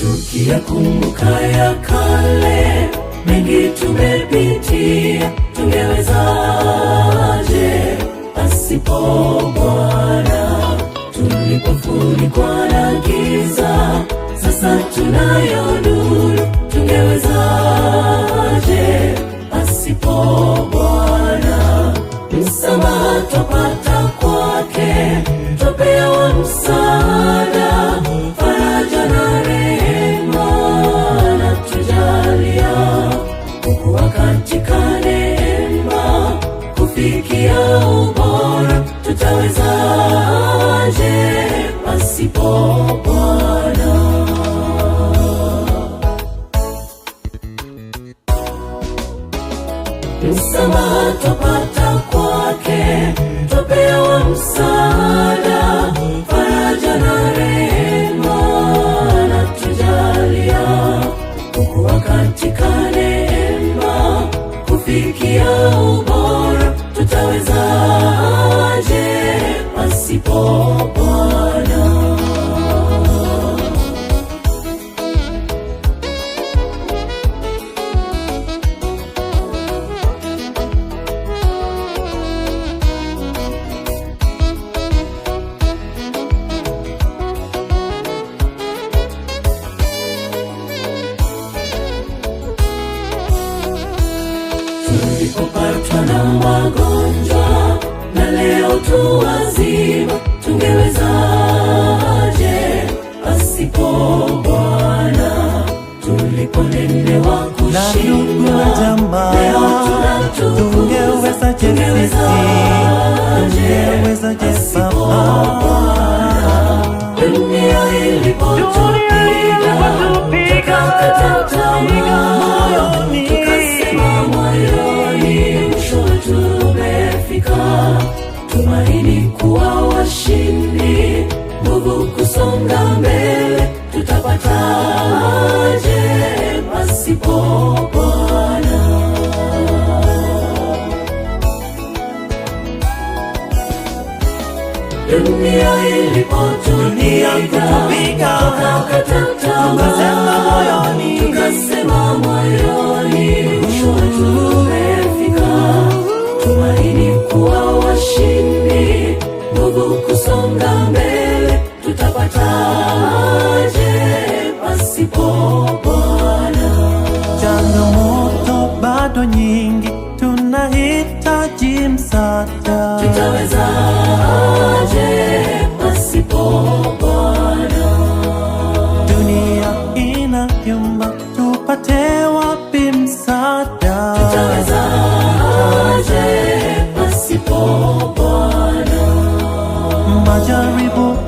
tukiyakumbuka ya kale, mengi tumepitia, tungewezaje pasipo Bwana? Tulipofunikwa na giza, sasa tunayo nuru, tungewezaje pasipo Bwana? Msamaha twapata kwa kufikia ubora, tutawezaje pasipo Bwana? aje pasipo Bwana. Tulipopatwa na magonjwa leo tu wazima, tungewezaje pasipo Bwana? Tulipolemewa kushinda jamaa, tungewezaje? Tungewezaje pasipo Bwana? Dunia ilipotupiga tukakata tamaa tumaini kuwa washindi, nguvu kusonga mbele. Tutapataje pasipo Bwana? Dunia ilipotunia ilipotupiga tukasema moyoni, tukasema moyoni Tukisonga mbele tutapataje pasipo Bwana? Changamoto bado nyingi, tunahitaji msaada. Tutaweza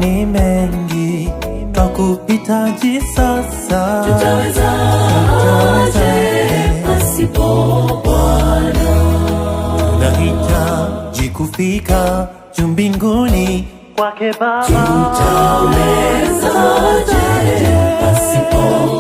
ni mengi kwa kupita jisasa tutaweza aje pasipo Bwana? Tunahitaji kufika juu mbinguni kwake Baba, tutaweza pasipo Bwana